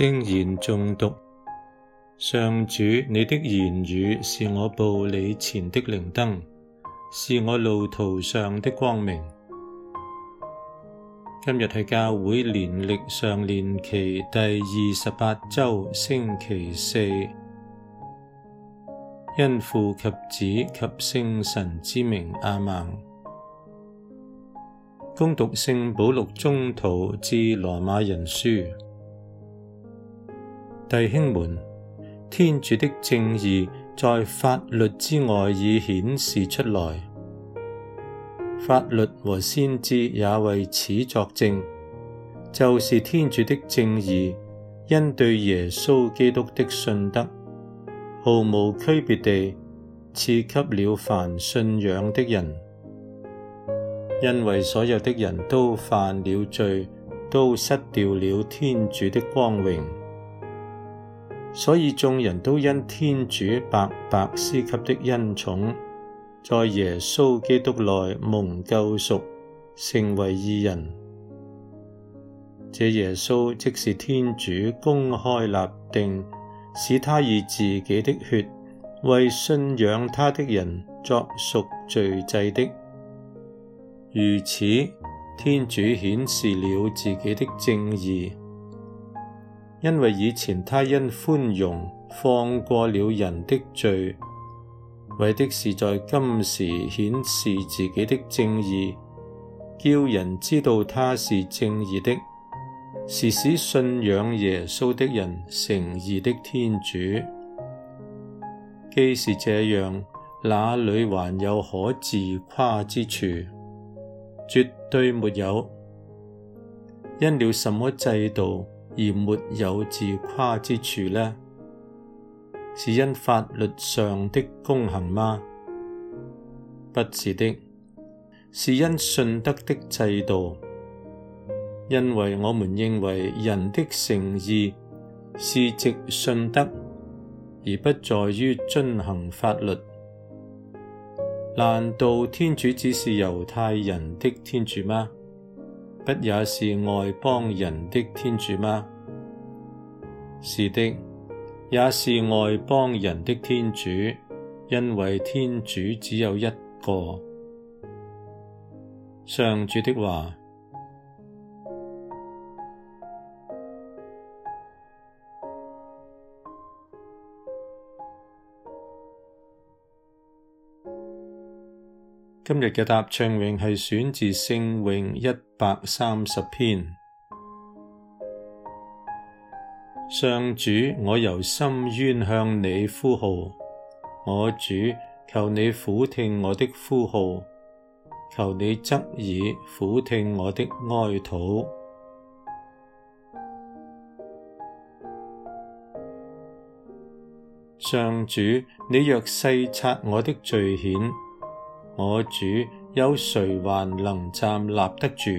經言誦讀上主，你的言語是我步履前的靈燈，是我路途上的光明。今日係教會年曆常年期第二十八周星期四，因父及子及聖神之名，阿門。恭讀聖保禄宗徒致羅馬人書。弟兄們，天主的正義在法律之外已顯示出來，法律和先知也為此作證，就是天主的正義因對耶穌基督的信德，毫無區別地賜給了凡信仰的人，因為所有的人都犯了罪，都失掉了天主的光榮。所以眾人都因天主白白施給的恩寵，在耶穌基督內蒙救贖，成為義人。這耶穌即是天主公開立定，使他以自己的血為信仰他的人作贖罪祭的。如此，天主顯示了自己的正義。因為以前他因寬容放過了人的罪，為的是在今時顯示自己的正義，叫人知道他是正義的，是使信仰耶穌的人成義的天主。既是這樣，哪裏還有可自誇之處？絕對沒有。因了什麼制度，而沒有自誇之處呢？是因法律上的功行嗎？不是的，是因信德的制度。因為我們認為人的成義是藉信德，而不在於遵行法律。難道天主只是猶太人的天主嗎？不也是外邦人的天主嗎？是的，也是外邦人的天主，因為天主只有一個。上主的話。今日嘅答唱詠係選自聖詠一百三十篇。上主，我由深淵向你呼號，我主，求你俯聽我的呼號，求你側耳俯聽我的哀禱。上主，你若細察我的罪愆。我主，有誰還能站立得住？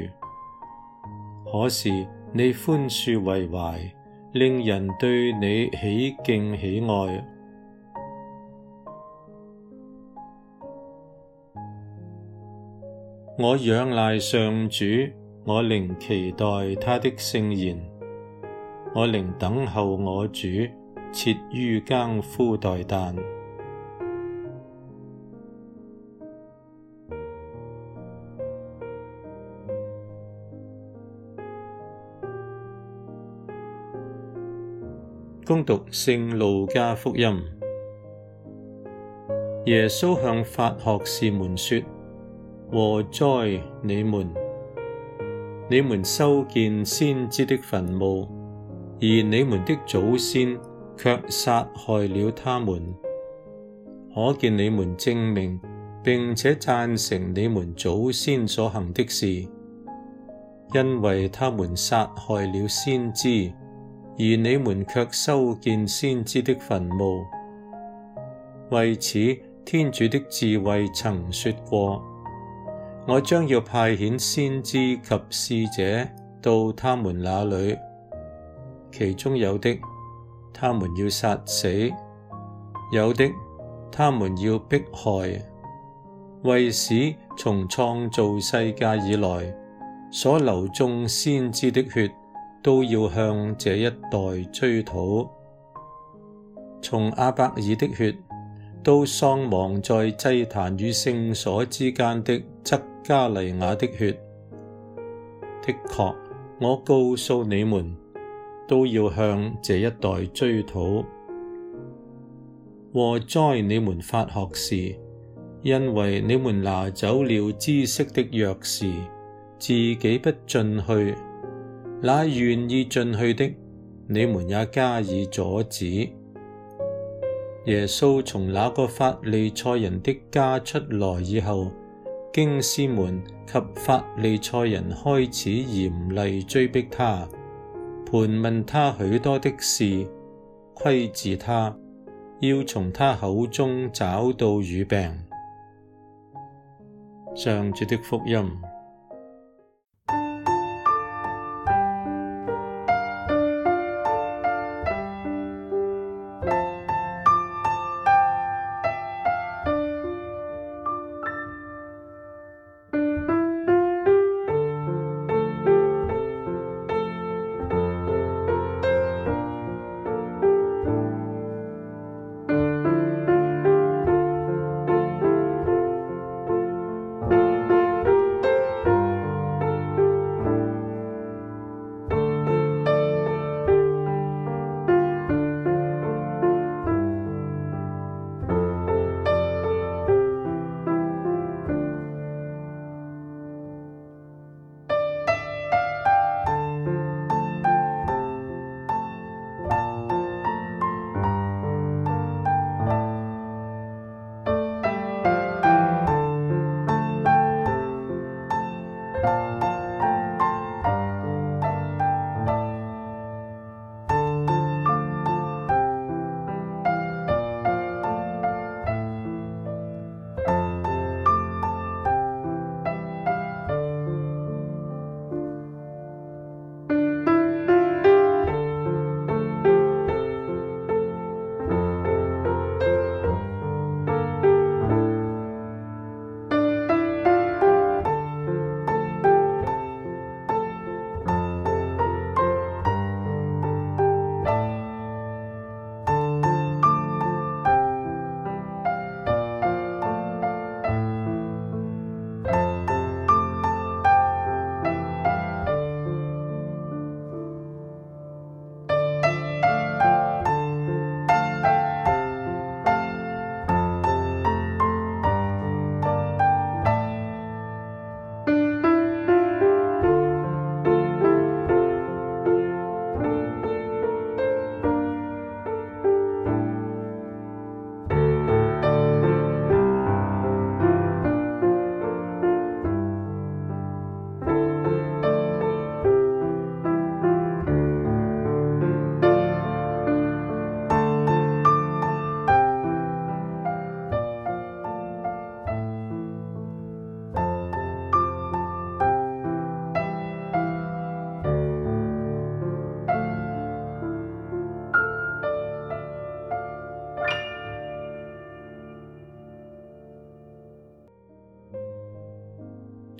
可是，你寬恕為懷，令人對你起敬起愛。我仰賴上主，我靈期待他的聖言，我靈等候我主，切於更夫待旦。恭讀聖路加福音，耶穌向法學士們說：禍哉你們！你們修建先知的墳墓，而你們的祖先卻殺害了他們。可見你們證明並且贊成你們祖先所行的事，因為他們殺害了先知。而你們卻修建先知的墳墓。為此，天主的智慧曾說過：我將要派遣先知及使者到他們那裏，其中有的他們要殺死，有的他們要迫害，為使從創造世界以來所流眾先知的血。都要向這一代追討，從亞伯爾的血，到喪亡在祭壇與聖所之間的則加黎雅的血。的確，我告訴你們，都要向這一代追討。禍哉，你們法學士，因為你們拿走了知識的鑰匙，自己不進去。那願意進去的，你們也加以阻止。耶穌從那個法利塞人的家出來以後，經師們及法利塞人開始嚴厲追逼他，盤問他許多的事，窺伺他，要從他口中找到語病。上主的福音。